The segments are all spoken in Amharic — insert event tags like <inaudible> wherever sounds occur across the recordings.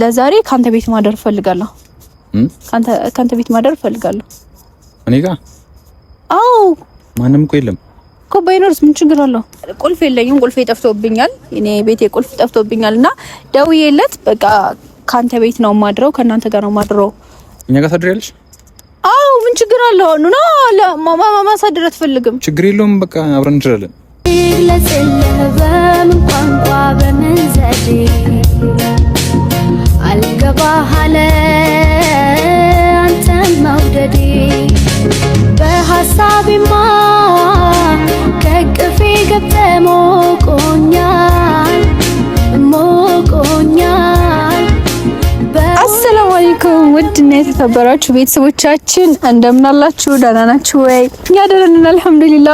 ለዛሬ ከአንተ ቤት ማደር እፈልጋለሁ። ከአንተ ቤት ማደር እፈልጋለሁ። እኔ ጋ? አዎ። ማንም እኮ የለም እኮ። ባይኖርስ ምን ችግር አለው? ቁልፍ የለኝም። ቁልፌ ጠፍቶብኛል። እኔ ቤቴ ቁልፍ ጠፍቶብኛል እና ደውዬለት በቃ ከአንተ ቤት ነው ማድረው፣ ከእናንተ ጋር ነው ማድረው። እኛ ጋር ታድሪያለሽ? አዎ። ምን ችግር አለው? ኑና ማሳደር አትፈልግም? ችግር የለውም። በቃ አብረን እንችላለን። ቋንቋ በምን ዘዴ አልገባህ አለ የተከበራችሁ ቤተሰቦቻችን እንደምን አላችሁ? ደህና ናችሁ ወይ? እኛ ደህና ነን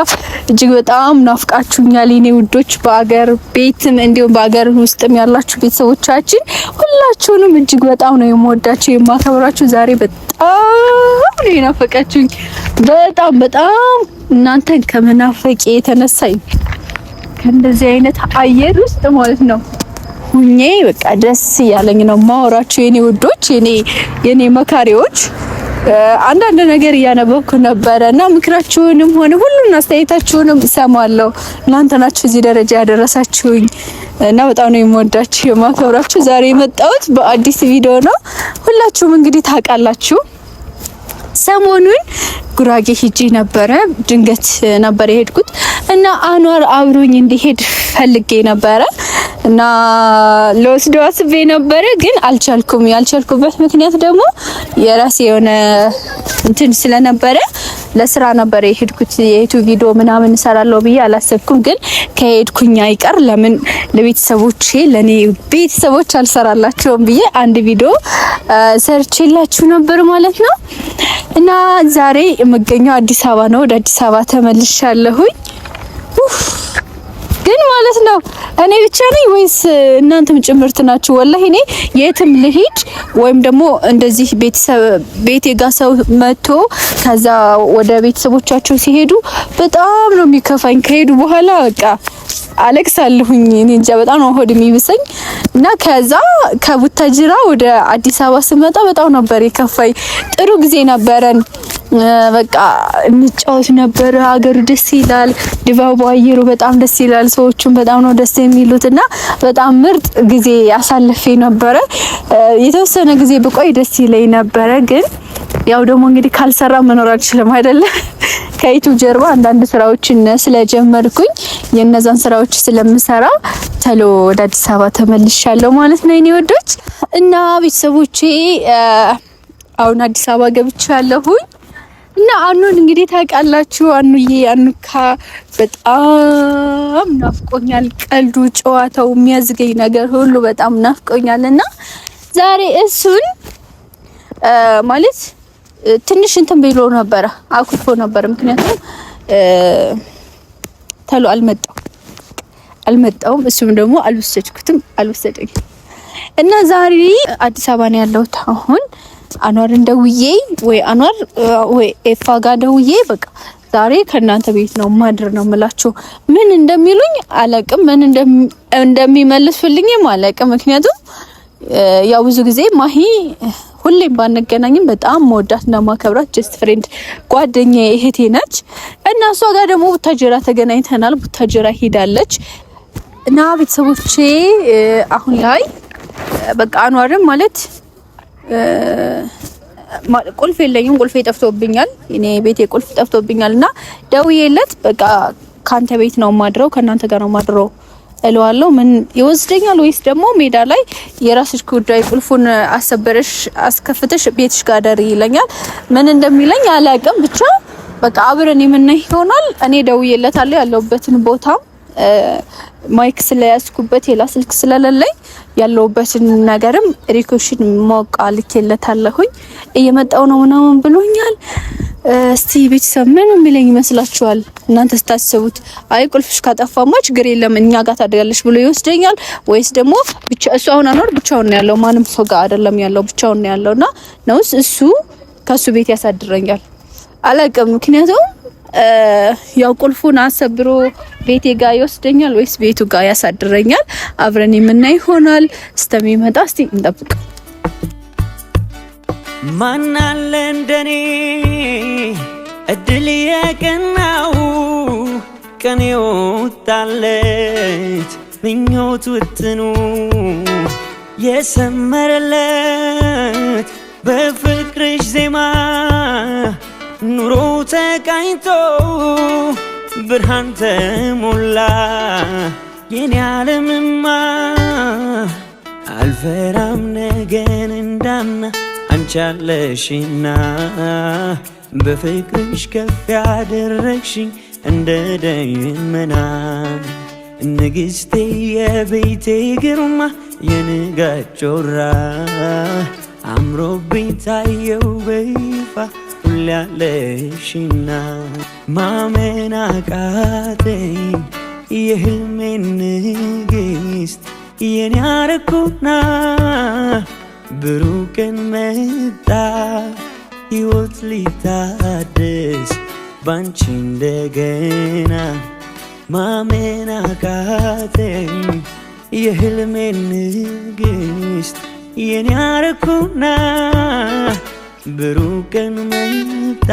እጅግ በጣም ናፍቃችሁኛል የኔ ውዶች፣ በአገር ቤትም እንዲሁም በአገር ውስጥም ያላችሁ ቤተሰቦቻችን ሁላችሁንም እጅግ በጣም ነው የምወዳችሁ የማከብራችሁ። ዛሬ በጣም ነው የናፈቃችሁኝ። በጣም በጣም እናንተን ከመናፈቂ የተነሳኝ ከእንደዚህ አይነት አየር ውስጥ ማለት ነው ሁኜ በቃ ደስ እያለኝ ነው ማወራችሁ የኔ ውዶች፣ የኔ የኔ መካሪዎች። አንዳንድ ነገር እያነበብኩ ነበረ እና ምክራችሁንም ሆነ ሁሉን አስተያየታችሁንም እሰማለሁ። እናንተ ናችሁ እዚህ ደረጃ ያደረሳችሁኝ እና በጣም ነው የምወዳችሁ የማከብራችሁ። ዛሬ የመጣሁት በአዲስ ቪዲዮ ነው። ሁላችሁም እንግዲህ ታውቃላችሁ ሰሞኑን ጉራጌ ሂጂ ነበረ። ድንገት ነበር የሄድኩት እና አኗር አብሮኝ እንዲሄድ ፈልጌ ነበረ እና ለወስዶ አስቤ ነበረ፣ ግን አልቻልኩም። ያልቻልኩበት ምክንያት ደግሞ የራሴ የሆነ እንትን ስለነበረ ለስራ ነበረ የሄድኩት። የቱ ቪዲዮ ምናምን እሰራለሁ ብዬ አላሰብኩም፣ ግን ከሄድኩኝ አይቀር ለምን ለቤተሰቦቼ ለኔ ቤተሰቦች አልሰራላቸውም ብዬ አንድ ቪዲዮ ሰርቼላችሁ ነበር ማለት ነው። እና ዛሬ የምገኘው አዲስ አበባ ነው። ወደ አዲስ አበባ ተመልሻለሁኝ። ግን ማለት ነው እኔ ብቻ ነኝ ወይስ እናንተም ጭምርት ናችሁ? ወላሂ እኔ የትም ልሂድ ወይም ደግሞ እንደዚህ ቤቴ ጋ ሰው መጥቶ ከዛ ወደ ቤተሰቦቻቸው ሲሄዱ በጣም ነው የሚከፋኝ። ከሄዱ በኋላ በቃ አለቅሳለሁኝ። እኔ እንጃ በጣም ነው ሆድ የሚብሰኝ እና ከዛ ከቡታጅራ ወደ አዲስ አበባ ስመጣ በጣም ነበር የከፋኝ። ጥሩ ጊዜ ነበረን። በቃ እንጫወት ነበር። ሀገሩ ደስ ይላል፣ ድባቡ አየሩ በጣም ደስ ይላል። ሰዎቹም በጣም ነው ደስ የሚሉት እና በጣም ምርጥ ጊዜ አሳልፌ ነበረ። የተወሰነ ጊዜ ብቆይ ደስ ይለኝ ነበረ፣ ግን ያው ደግሞ እንግዲህ ካልሰራ መኖር አልችልም አይደለ? <laughs> ከይቱ ጀርባ አንዳንድ ስራዎችን ስለጀመርኩኝ የነዛን ስራዎች ስለምሰራ ተሎ ወደ አዲስ አበባ ተመልሻለሁ ማለት ነው የኔ ወዶች እና ቤተሰቦቼ። አሁን አዲስ አበባ ገብቻለሁኝ። እና አኑን እንግዲህ ታውቃላችሁ፣ አኑዬ አኑካ በጣም ናፍቆኛል። ቀልዱ፣ ጨዋታው፣ የሚያዝገኝ ነገር ሁሉ በጣም ናፍቆኛል እና ዛሬ እሱን ማለት ትንሽ እንትን ብሎ ነበረ፣ አኩርፎ ነበረ። ምክንያቱም ተሎ አልመጣው አልመጣውም እሱም ደግሞ አልወሰድኩትም አልወሰደኝ እና ዛሬ አዲስ አበባ ነው ያለሁት አሁን አኗር እንደውዬ ወይ አኗር ወይ ኤፋ ጋር ደውዬ በቃ ዛሬ ከእናንተ ቤት ነው ማድር ነው የምላችሁ። ምን እንደሚሉኝ አላቅም፣ ምን እንደሚመልሱልኝም አላቅም። ምክንያቱም ያው ብዙ ጊዜ ማሂ ሁሌም ባንገናኝም በጣም መወዳት እና ማከብራት ጀስት ፍሬንድ ጓደኛ እህቴ ነች እና እሷ ጋር ደግሞ ቡታጀራ ተገናኝተናል። ቡታጀራ ሄዳለች እና ቤተሰቦቼ አሁን ላይ በቃ አኗርም ማለት ቁልፍ የለኝም፣ ቁልፌ ጠፍቶብኛል። እኔ ቤቴ ቁልፍ ጠፍቶብኛል እና ደውዬለት በቃ ከአንተ ቤት ነው ማድረው ከእናንተ ጋር ነው ማድረው እለዋለሁ። ምን ይወስደኛል? ወይስ ደግሞ ሜዳ ላይ የራስሽ ጉዳይ ቁልፉን አሰበረሽ አስከፍተሽ ቤትሽ ጋር ይለኛል። ምን እንደሚለኝ አላቅም። ብቻ በቃ አብረን የምናይ ይሆናል። እኔ ደውዬለታለሁ ያለሁበትን ቦታም ማይክ ስለያዝኩበት ሌላ ስልክ ስለሌለኝ ያለውበትን ነገርም ሪኮሽን ማወቅ አልኬለታለሁኝ። እየመጣው ነው ምናምን ብሎኛል። እስቲ ቤተሰብ ምን የሚለኝ ይመስላችኋል? እናንተ ስታስቡት፣ አይ ቁልፍሽ ካጠፋማ ችግር የለም እኛ ጋር ብሎ ይወስደኛል ወይስ ደግሞ ብቻ እሱ አሁን አኖር ብቻውን ነው ያለው፣ ማንም ሰው ጋር አይደለም ያለው፣ ብቻውን ነው ያለውና ነውስ እሱ ከሱ ቤት ያሳድረኛል? አላውቅም ምክንያቱም ያው ቁልፉን አሰብሮ ቤቴ ጋር ይወስደኛል ወይስ ቤቱ ጋር ያሳድረኛል? አብረን የምናይ ይሆናል። እስከሚመጣ እስቲ እንጠብቅ። ማናለ እንደኔ እድል የቀናው ቀን የወጣለት ምኞት ውጥኑ የሰመረለት በፍቅርሽ ዜማ ኑሮ ተቃኝቶ ብርሃን ተሞላ የኔ ዓለምማ አልፈራም ነገን እንዳና አንቻለሽና በፍቅርሽ ከፍ ያደረግሽኝ እንደ ደመና ንግሥቴ የቤቴ ግርማ የንጋት ጮራ አምሮብኝ ታየው በይፋ ሁሌ ያለሽና ማመን አቃተኝ የህልሜ ንግሥት የኔ አረኩና ብሩህ ቀን መጣ ሕይወት ሊታደስ ባንቺ እንደገና ማመን አቃተኝ የህልሜ ንግሥት የኔ አረኩና ብሩህ ቀን መጣ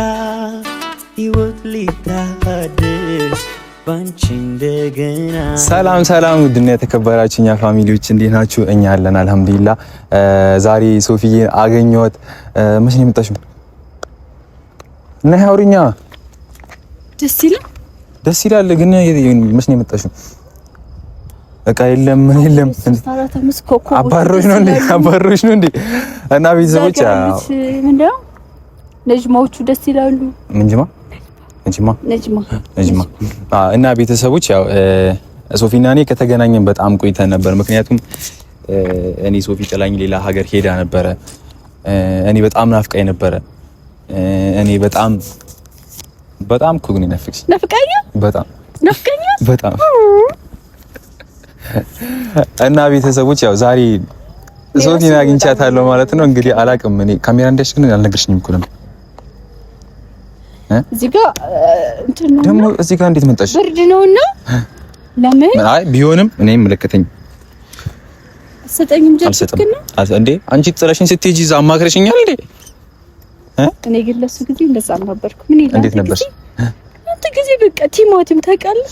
ሊታደስ ባንቺ እንደገና። ሰላም ሰላም፣ ውድና የተከበራችሁ እኛ ፋሚሊዎች እንዴት ናችሁ? እኛ አለን አልሐምዱሊላ። ዛሬ ሶፊዬ አገኘኋት። መቼ ነው የመጣሽው? እና አውሪኛ። ደስ ይላል፣ ደስ ይላል። ግን መቼ ነው የመጣሽው? እቃ የለም ምን የለም። አባሮች ነው እንዴ? አባሮች ነው እንዴ? እና ቤተሰቦች ነጅማዎቹ ደስ ይላሉ። ምንጅማ ነጅማ ነጅማ ነጅማ እና ቤተሰቦች ያው ሶፊና እኔ ከተገናኘን በጣም ቆይተን ነበር። ምክንያቱም እኔ ሶፊ ጥላኝ ሌላ ሀገር ሄዳ ነበረ። እኔ በጣም ናፍቃኝ ነበረ። እኔ በጣም በጣም ኩግኒ ነፍቅሽ ነፍቀኛ በጣም ነፍቀኛ በጣም እና ቤተሰቦች ያው ዛሬ ሶፊን አግኝቻታለሁ ማለት ነው። እንግዲህ አላቅም እኔ ካሜራ እንዳይሽ ግን አልነግርሽኝም እኮ ነው። እዚህ ጋር እንትን ነው ደግሞ እዚህ ጋር እንዴት መጣሽ? ብርድ ነውና ለምን? አይ ቢሆንም እኔም ምልክተኝ አልሰጠኝም። ጀርጅክና እንዴ አንቺ ጥለሽኝ ስትሄጂ እዛ አማክረሽኛል እንዴ? እኔ ግን ለሱ ጊዜ እንደዛ አልነበርኩም። ምን ይላል? እንዴት ነበርሽ? አንተ ጊዜ በቃ ቲማቲም ታውቃለህ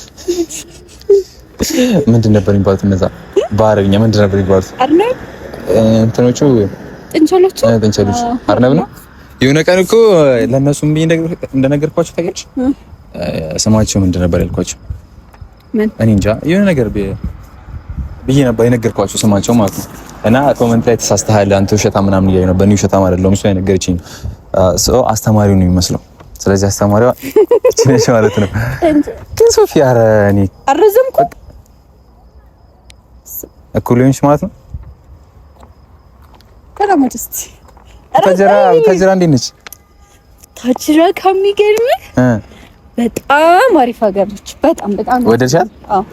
ምንድን ነበር የሚባሉት? እነዛ በአረብኛ ምንድን ነበር የሚባሉት? አርነብ እንትኖቹ ጥንቸሎቹ፣ አርነብ ነው። የሆነ ቀን እኮ ለእነሱም እንደነገርኳቸው ታውቂያለሽ፣ ስማቸው ምንድን ነበር ያልኳቸው? እኔ እንጃ የሆነ ነገር ብዬ ነበር የነገርኳቸው ስማቸው ማለት ነው። እና ኮመንት ላይ ተሳስተሃል አንተ ውሸታ ምናምን እያዩ ነበር። እኔ ውሸታም አይደለሁም እሱ የነገረችኝ ሰው አስተማሪው ነው የሚመስለው። ስለዚህ አስተማሪዋ እቺ <laughs> ነች ማለት ነው። ግን ሶፊ ኧረ እኔ አረዘምኩ እኩል ሊሆንሽ ማለት ነው። ተራመድ እስቲ። ታጅራ ታጅራ እንዴት ነች? ታጅራ ከሚገርም በጣም አሪፍ ሀገር ነች። በጣም በጣም ወደድሻል? አዎ።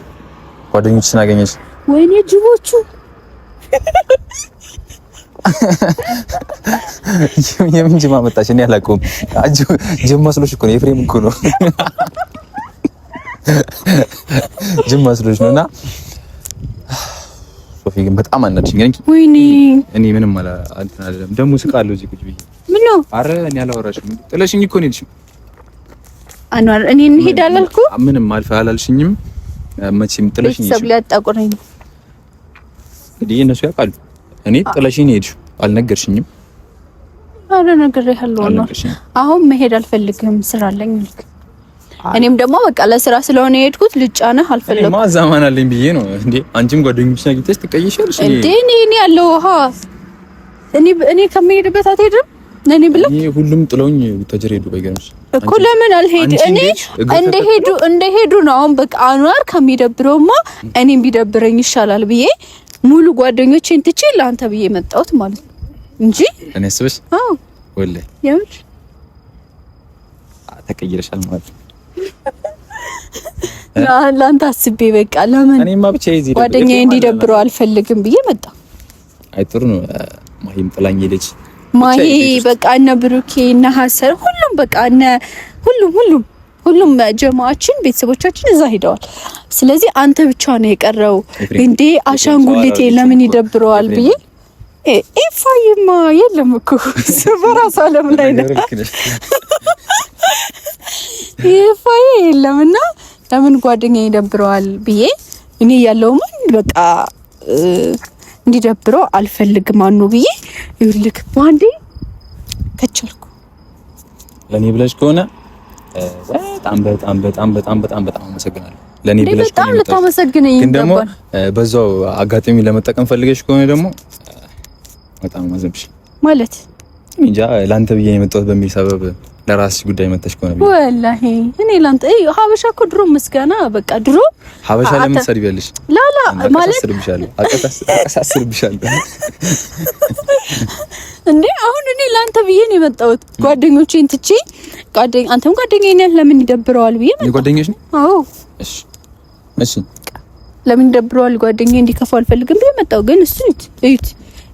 ጓደኞችሽን አገኘሽ? ወይኔ ጅቦቹ የምን ጅማ መጣሽ? እኔ አላውቀውም። ጅብ መስሎሽ እኮ ነው። የፍሬም እኮ ነው። ጅብ መስሎሽ ነው እና ሶፊ ግን በጣም አናድሽኝ። ግን ወይኔ እኔ ምንም አላ እንትን አይደለም። ደሞ ስቃለሁ እዚህ ቁጭ ብዬ ምን ነው? አረ እኔ አላወራሽም። ጥለሽኝ እኮ ነው ልሽም አንዋር እኔ እንሂድ አላልኩህ? ምንም አልፈ አላልሽኝም። መቼም ጥለሽኝ ነው ሊያጣቁረኝ እንግዲህ እነሱ ያውቃሉ። እኔ ጥለሽኝ ነው አልነገርሽኝም። አረ ነገር ያለው ነው። አሁን መሄድ አልፈልግም ስራ አለኝ ልክ እኔም ደግሞ በቃ ለስራ ስለሆነ የሄድኩት ልጫነህ አልፈለኩም። ማ ዘመን አለኝ ብዬ ነው እንዴ? አንቺም ጓደኞችሽ አግኝተሽ ትቀይሻለሽ እንዴ? እኔ እኔ ያለው ውሃ እኔ እኔ ከመሄድበት አትሄድም እኔ ብለህ እኔ ሁሉም ጥለውኝ ተጀር ሄዱ። ባይገርምሽ እኮ ለምን አልሄድ እኔ እንደሄዱ እንደሄዱ ነው። አሁን በቃ አንዋር ከሚደብረውማ እኔም ቢደብረኝ ይሻላል ብዬ ሙሉ ጓደኞቼን ትቼ ለአንተ ብዬ መጣሁት ማለት እንጂ እኔ አስበሽ አዎ ወለ የምር ተቀይረሻል ማለት ነው ለአንተ አስቤ በቃ ለምን እኔማ ብቻ ጓደኛዬ እንዲደብረው አልፈልግም ብዬ መጣ። አይ ጥሩ ነው። ማሂም ጥላኝ ሄደች። ማሂ በቃ እነ ብሩኬ እነ ሀሰን ሁሉም በቃ እነ ሁሉም ሁሉም ሁሉም ጀማዎችን ቤተሰቦቻችን እዛ ሄደዋል። ስለዚህ አንተ ብቻ ነው የቀረው። እንዴ አሻንጉሊቴ ለምን ይደብረዋል ብዬ ኤፋይማ የለም እኮ በራሱ ዓለም ላይ ነው ኤፋዬ የለምና ለምን ጓደኛ ይደብረዋል ብዬ እኔ ያለው ማን በቃ እንዲደብረው አልፈልግም። ማኑ ብዬ ይልክ በአንዴ ከቸልኩ ለኔ ብለሽ ከሆነ በጣም በጣም በጣም በጣም በጣም በጣም አመሰግናለሁ። ለኔ ብለሽ በጣም ልታመሰግነኝ ግን ደግሞ በዛው አጋጣሚ ለመጠቀም ፈልገሽ ከሆነ ደግሞ በጣም አዘንብሽ ማለት እንጃ ላንተ ብዬ የመጣሁት በሚል ሰበብ ለራስሽ ጉዳይ መተሽ ከሆነ ወላሂ እኔ ላንተ እይ ሀበሻ እኮ ድሮ ምስጋና በቃ ድሮ ሀበሻ ለምን ትሰድቢያለሽ? ላላ ማለት አቀሳስርብሻለሁ እንዴ አሁን እኔ ላንተ ብዬ ነው የመጣሁት። ጓደኞቼን ትቼ ጓደኛ አንተም ጓደኛዬ ነህ ለምን ይደብረዋል ብዬ ነው ጓደኛሽ ነው። አዎ እሺ እሺ ለምን ይደብረዋል ጓደኛዬ እንዲከፋው አልፈልግም ብዬ መጣሁ። ግን እሱ እዩት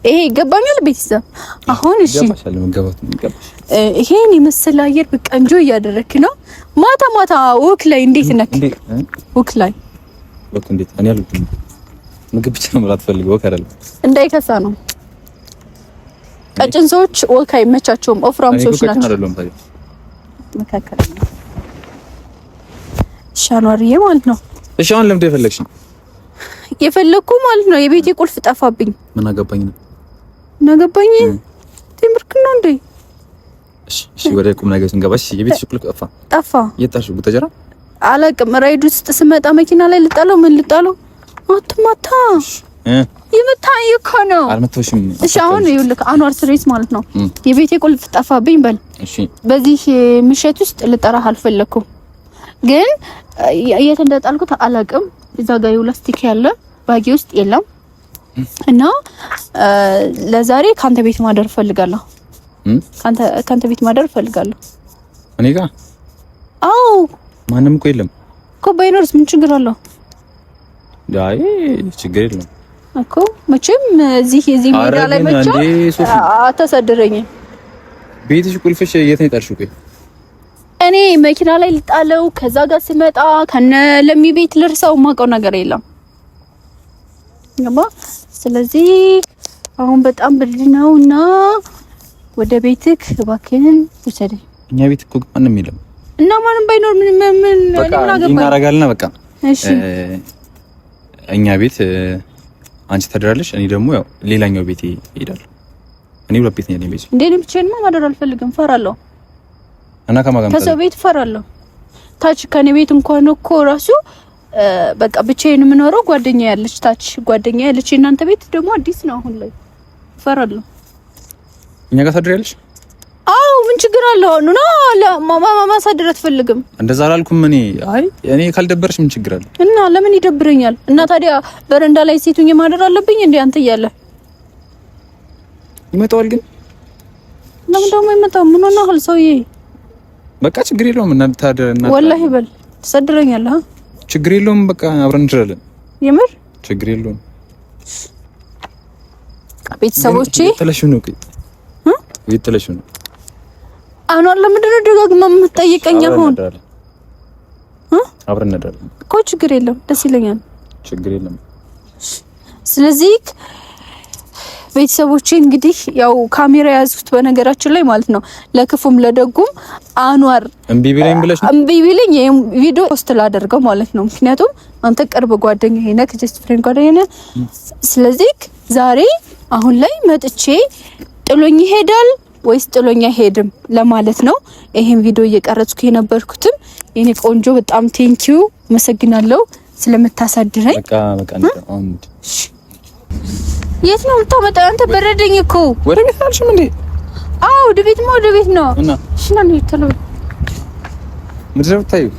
ይሄ ይገባኛል። ቤተሰብ አሁን እሺ፣ ይሄን የመሰለ አየር በቃ እንጆ እያደረክ ነው። ማታ ማታ ውክ ላይ እንዴት ነክ? ወክ ላይ ወክ እንዴት? እኔ አልወድም። ምግብ ብቻ ነው መብላት ፈልገው ወክ አይደለም። እንዳይከሳ ነው። ቀጭን ሰዎች ወክ አይመቻቸውም። ወፍራም ሰዎች ናቸው። መካከለኛ ሻኗርዬ ማለት ነው። እሺ አሁን ለምንድን የፈለግሽ? የፈለግኩ ማለት ነው የቤቴ ቁልፍ ጠፋብኝ። ምን አገባኝ ነው ነገባኝ ቴምርክ ነው እንዴ? እሺ፣ ወደ ቁም ነገር ስንገባሽ የቤት ሽኩል ጠፋ ጠፋ። የታሽ ቡታጀራ አላቅም። ራይድ ውስጥ ስመጣ መኪና ላይ ልጣለው፣ ምን ልጣለው? አትማታ ይመታኝ እኮ ነው። አልመታሽም። እሺ፣ አሁን ይኸውልህ አንዋር ስሬት ማለት ነው የቤቴ ቁልፍ ጠፋብኝ። በል እሺ፣ በዚህ ምሽት ውስጥ ልጠራህ አልፈለኩም፣ ግን የት እንደጣልኩት አላቅም። እዛ ጋር ይውላል ስቲክ ያለ ባጊ ውስጥ የለም እና ለዛሬ ካንተ ቤት ማደር እፈልጋለሁ። ካንተ ቤት ማደር እፈልጋለሁ። እኔ ጋ? አዎ። ማንም እኮ የለም እኮ። ባይኖርስ ምን ችግር አለው? አይ ችግር የለም እኮ መቼም እዚህ እዚህ ሜዳ ላይ ብቻ አታሳድረኝም። ቤትሽ ቁልፍሽ የት ነው የጣልሽው? እኔ መኪና ላይ ልጣለው፣ ከዛ ጋር ስመጣ ከነ ለሚ ቤት ልርሳው፣ የማውቀው ነገር የለም ገባ። ስለዚህ አሁን በጣም ብርድ ነው እና ወደ ቤትክ እባክህን ውሰደኝ። እኛ ቤት እኮ ማንም የለም እና ማንም ባይኖር ምን ምን እናደርጋለን? በቃ እሺ፣ እኛ ቤት አንቺ ታድራለሽ፣ እኔ ደግሞ ያው ሌላኛው ቤት እሄዳለሁ። እኔ ሁለት ቤት ነኝ ቤት እንዴ። ነው ብቻዬን ማደር አልፈልግም፣ ፈራለሁ። እና ከማን ከሰው ቤት ፈራለሁ። ታች ከኔ ቤት እንኳን እኮ ራሱ በቃ ብቻዬን የምኖረው ጓደኛ ያለች ታች ጓደኛ ያለች። እናንተ ቤት ደግሞ አዲስ ነው አሁን ላይ ፈራለሁ። እኛ ጋር ታድሪያለሽ? አዎ ምን ችግር አለ? አሁን ነው ማሳደር አትፈልግም? እንደዛ አላልኩም እኔ። አይ እኔ ካልደበረሽ ምን ችግር አለ? እና ለምን ይደብረኛል? እና ታዲያ በረንዳ ላይ ሴቱኝ ማደር አለብኝ እንዴ? አንተ እያለ ይመጣዋል። ግን ለምን ደግሞ ይመጣው? ምን ሆነ? ሰውዬ በቃ ችግር የለውም። እና ታድያ እና ወላሂ በል ተሰድረኛለህ ችግር የለውም። በቃ አብረን እንችላለን። የምር ችግር የለውም። ቤተሰቦቼ ተለሽ ነው እኮ ቤት ተለሽ ነው። አሁን ለምንድን ነው ደጋግማ የምትጠይቀኝ? አሁን አብረን እንሄዳለን እኮ ችግር የለውም። ደስ ይለኛል። ችግር የለም። ስለዚህ ቤተሰቦቼ እንግዲህ ያው ካሜራ የያዝኩት በነገራችን ላይ ማለት ነው ለክፉም ለደጉም አኗር እምቢ ቢለኝ ብለሽ ነው እምቢ ቢለኝ ይሄን ቪዲዮ ፖስት ላደርገው ማለት ነው። ምክንያቱም አንተ ቅርብ ጓደኛዬ ነህ፣ ከጀስት ፍሬንድ ጓደኛዬ ነህ። ስለዚህ ዛሬ አሁን ላይ መጥቼ ጥሎኝ ይሄዳል ወይስ ጥሎኛ ሄድም ለማለት ነው። ይሄን ቪዲዮ እየቀረጽኩ የነበርኩትም የኔ ቆንጆ በጣም ቴንኪዩ አመሰግናለሁ ስለምታሳድረኝ። በቃ በቃ የት ነው የምታመጣው? አንተ በረደኝ እኮ ወደ ቤት አልሽም እንዴ? አዎ ወደ ቤት ነው፣ ወደ ቤት ነው። እና እሺ ነው የምትለው? ምንድን ነው የምታየው?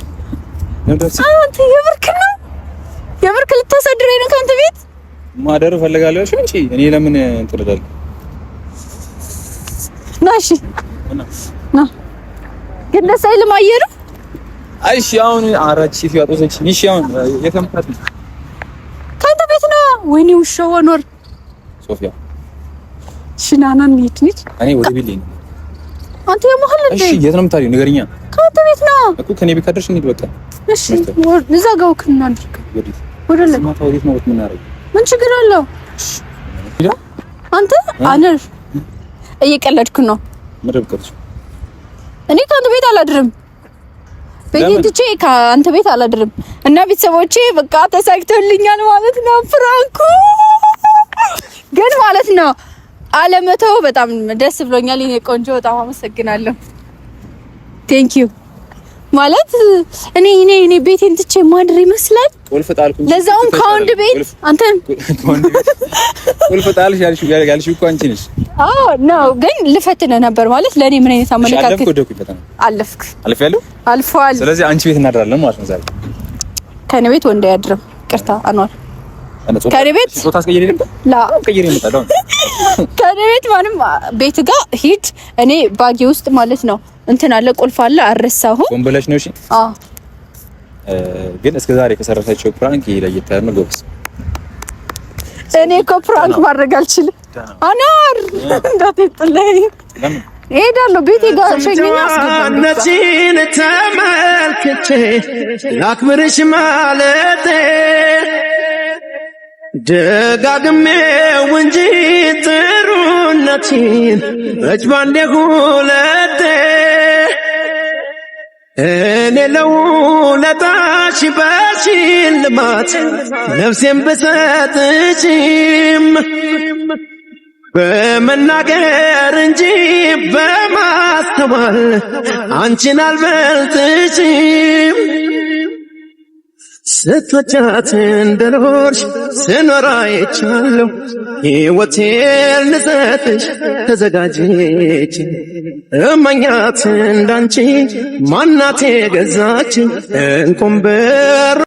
አንተ የምርክ ነው የምርክ ልታሳድረኝ ነው? ከአንተ ቤት ማደር እፈልጋለሁ እሺ እንጂ እኔ ለምን እንትረዳለሁ? ና እሺ፣ ና ግን ደስ አይልም አየሩ። አይ እሺ፣ አሁን አራት ሺህ ያጦሰች። እሺ አሁን የከምታት ከአንተ ቤት ነው። ወይኔ ውሻ ወኖር ሶፊያ ሽናና እንሂድ እንሂድ። እኔ ወደ ቤት ልሂድ። አንተ የመሀል እንደ እሺ፣ የት ነው የምታሪው? ንገሪኛ። ከአንተ ቤት ነው እኮ ከኔ ቤት ካደርሽ እንሂድ። በቃ እሺ፣ እዛ ጋር ወክ እናድርግ። ወዴት ነው የምናደርገው? ምን ችግር አለው? አንተ አንር እየቀለድክ ነው። መደብ ቀርጭ። እኔ ከአንተ ቤት አላድርም በየትቼ ከአንተ ቤት አላድርም እና ቤተሰቦቼ በቃ ተሳክቶልኛል ማለት ነው ፍራንኩ ግን ማለት ነው አለመተው በጣም ደስ ብሎኛል። የኔ ቆንጆ በጣም አመሰግናለሁ። ቴንክ ዩ ማለት እኔ እኔ እኔ ቤቴን ትቼ ማድር ይመስላል። ቁልፍ ጣልኩኝ። ለዛውም ከወንድ ቤት አንተን ቁልፍ ጣልሽ ያልሽው እኮ አንቺ ነሽ። አዎ ነው፣ ግን ልፈትነህ ነበር ማለት ለእኔ ምን አይነት አመለካከት አለፍክ? አልፌያለሁ፣ አልፈዋል። ስለዚህ አንቺ ቤት እናድራለን ማለት ነው ዛሬ። ከእኔ ቤት ወንድ አያድርም። ቅርታ አኗር ከኔ ቤት ማንም ቤት ጋር ሂድ። እኔ ባጊ ውስጥ ማለት ነው እንትን አለ ቁልፍ አለ አረሳሁ። ወንበለሽ ነው። እሺ። አዎ። ግን እስከ ዛሬ ከሰራቻቸው ፕራንክ ይለየት ያለ ጎብስ። እኔ እኮ ፕራንክ ማድረግ አልችልም። አናር እንዳትጥለኝ እሄዳለሁ ቤቴ ጋር ሸኝኛ ነፂን ተመልክቼ ላክብርሽ ማለቴ ደጋግሜው እንጂ ጥሩነትን መች ባንዴ ሁለቴ እኔ ለውለታሽ በሽልማት ነፍሴን ብሰጥሽም በመናገር እንጂ በማስተዋል አንቺን አልበልጥሽም። ስትወጃት እንደኖርሽ ስኖራ አይቻለሁ። ሕይወቴን ልሰጥሽ ተዘጋጀች እማኛት እንዳንቺ ማናት የገዛች እንቁም በር